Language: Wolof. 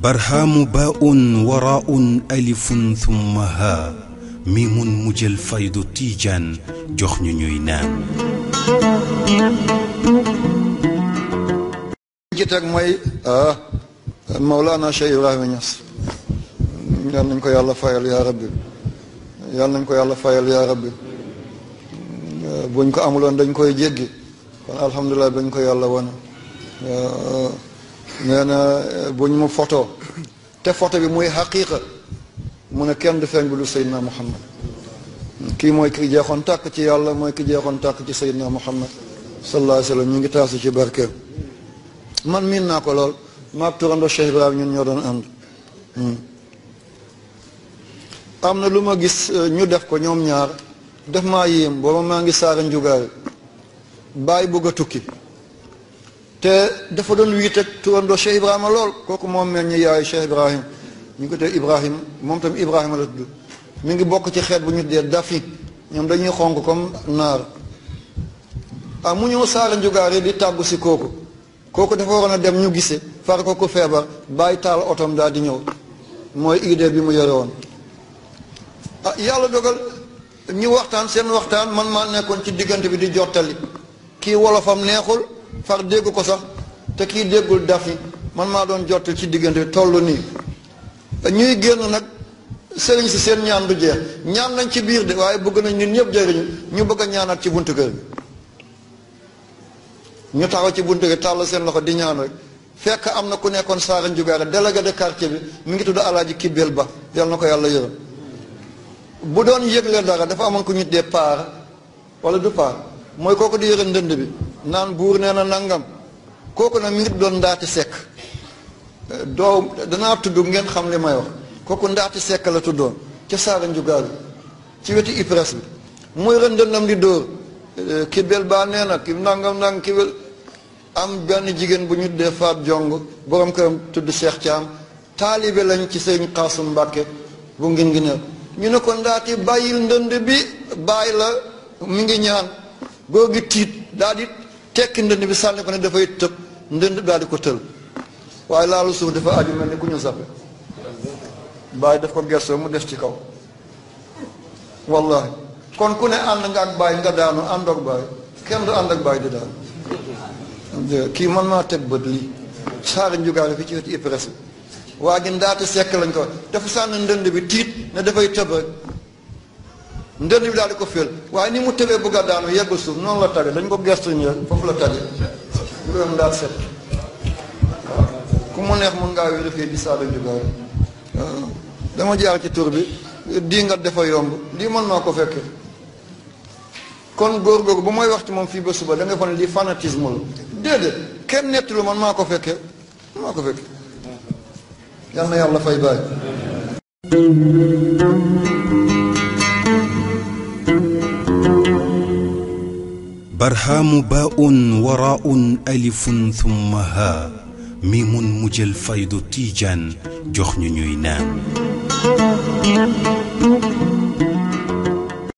برهام باء وراء ألف ثم ها ميم مجل فيض تيجان جخن نينان جيتك موي مولانا شيء الله نياس يالنا نكو يالا فايال يا ربي يالنكو يالله فايل يا ربي buñ ko amuloon dañ koy jéggi kon alhamdulilah dañ ko yàlla wane nee na buñ mu photo te photo bi muy xaqiqa mu ne kenn du feeñ bi lu Seydina Muhammad kii mooy ki jeexoon tàkk ci yàlla mooy ki jeexoon tàkk ci Seydina Muhammad sallallahu alayhi wa sallam ñu ngi taasu ci barkeem man miin naa ko lool maag turando Cheikh Ibrahima ñun ñoo doon ànd hmm. am na lu ma gis eh, ñu def ko ñoom ñaar def maa yéem booba maa ngi saara njugaar bàyyi bëgg a tukki te dafa doon wiit ak turandoo Cheikh Ibrahima lool kooku moom mel ni yaayu Cheikh Ibrahima ñu ngi ko tey Ibrahima moom tam Ibrahima la mi ngi bokk ci xeet bu ñu dee dafi ñoom dañuy xonq comme naar ah mu ñëw saara njugaar di tàggu si kooku kooku dafa waroon a dem ñu gise far ko feebar bàyyi taal otom daal di ñëw mooy idée bi mu yore woon ah yàlla dogal ñu waxtaan seen waxtaan man maa nekkoon ci diggante bi di jottali kii wolofam neexul far dégg ko sax te kii déggul dafi man maa doon jottali ci diggante bi toll nii ñuy génn nag sëriñ si seen ñaan du jeex ñaan nañ ci biir de waaye bëgg nañ ñun ñëpp jëriñu ñu bëgg a ñaanaat ci buntu kër gi ñu taxaw ci buntu kër tàll seen loxo di ñaan rek fekk am na ku nekkoon saara njugaare délégué de quartier bi mu ngi tudd alaaji Kibel Ba yal na ko yàlla yërëm bu doon yëgle dara dafa amoon ko ñu dee paar wala du paar mooy kooku di yëre ndënd bi naan buur nee na nangam kooku nag mi ngi doon ndaati sekk doo danaa tudd ngeen xam li may wax kooku ndaati sekk la tuddoon ca saara njugaal ci wetu IPRES bi muy rëndëndam di dóor kibel baa nee na ki nangam nangam kibel am benn jigéen bu ñu dee faat jong boroom këram tudd Cheikh Thiam taalibe lañ ci seen Xaasum Mbàkke bu ngin ngi ñu ne ko ndaati bàyyil ndënd bi bàyyi la mu ngi ñaan góor gi tiit daal tekki ndënd bi sànni ko ne dafay tëb ndënd daal di ko tël waaye laalu suuf dafa aju mel ni ku ñu sappe bàyyi daf ko gersoo mu def ci kaw wallahi kon ku ne ànd nga ak bàyyi nga daanu ànd ak bàyyi kenn du ànd ak bàyyi di daanu kii man maa teg bët lii saari njugaale fi ci weti IPRES waa gi ndaati sekk lañ ko dafa sànn ndënd bi tiit ne dafay tëb ndënd bi daal di ko féel waaye ni mu tëbee bëgg a daanu yeggul suuf noonu la tabe dañ ko gestu ñu foofu la tabe bu doon ndaat set ku mu neex mun dama jaar ci tur bi dii nga dafa yomb lii mën naa ko fekk kon góor googu ba may wax ci moom fii ba suba da nga fa ne lii fanatisme la déedéet kenn nettalu man maa ko fekkee maa ko fekkee يلا يلا فاي باي برهام باء وراء ألف ثم ها ميم مجل فيض تيجان جخن نام